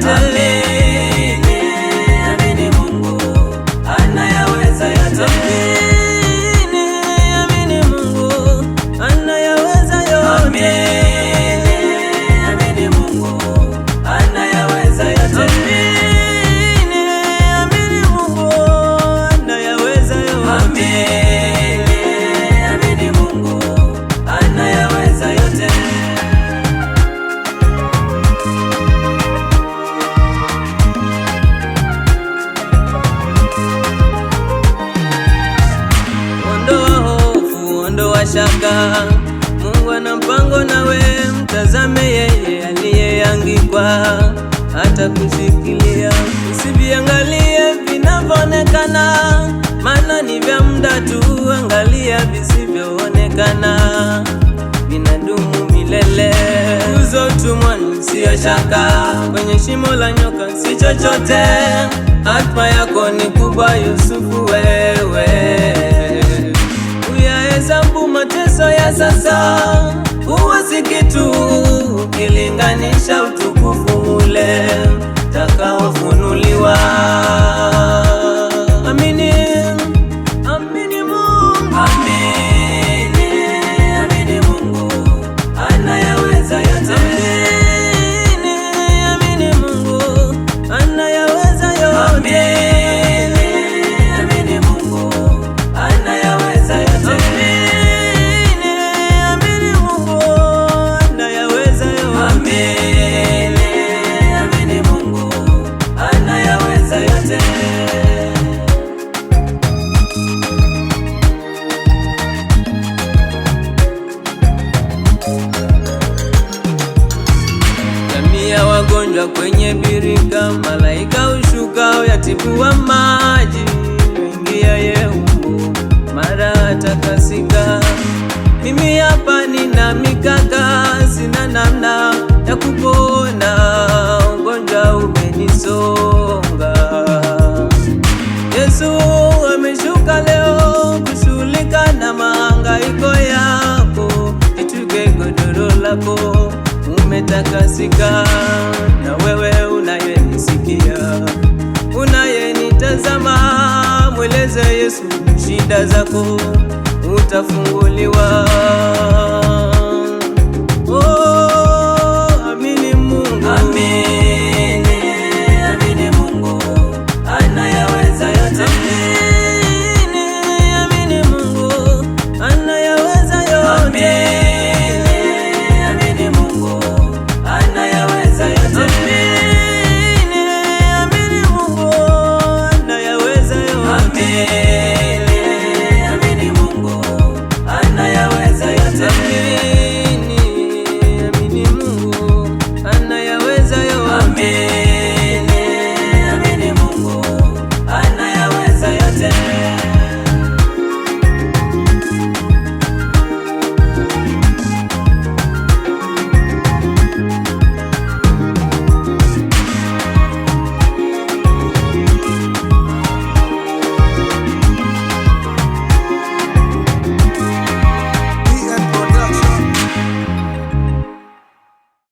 not. shaka. Mungu ana mpango nawe, mtazame yeye aliyeangikwa, hata kusikilia. Usiviangalie vinavyoonekana, maana ni vya muda tu. Angalia visivyoonekana, vinadumu milele. Tuzo tumwa sio shaka, kwenye shimo la nyoka si chochote. Hatma yako ni kubwa, Yusufu wewe sasa uwasikitu ukilinganisha utukufu ya wagonjwa kwenye birika, malaika yatibu yatibua maji, ingia Yehu mara atakasika. Mimi hapa nina mikaka, sina namna ya kupona, ugonjwa umenisonga. Yesu ameshuka leo kushughulika na mahangaiko yako, itwike godoro lako umetakasika, na wewe unayenisikia, unayenitazama, mweleze Yesu shida zako, utafunguliwa.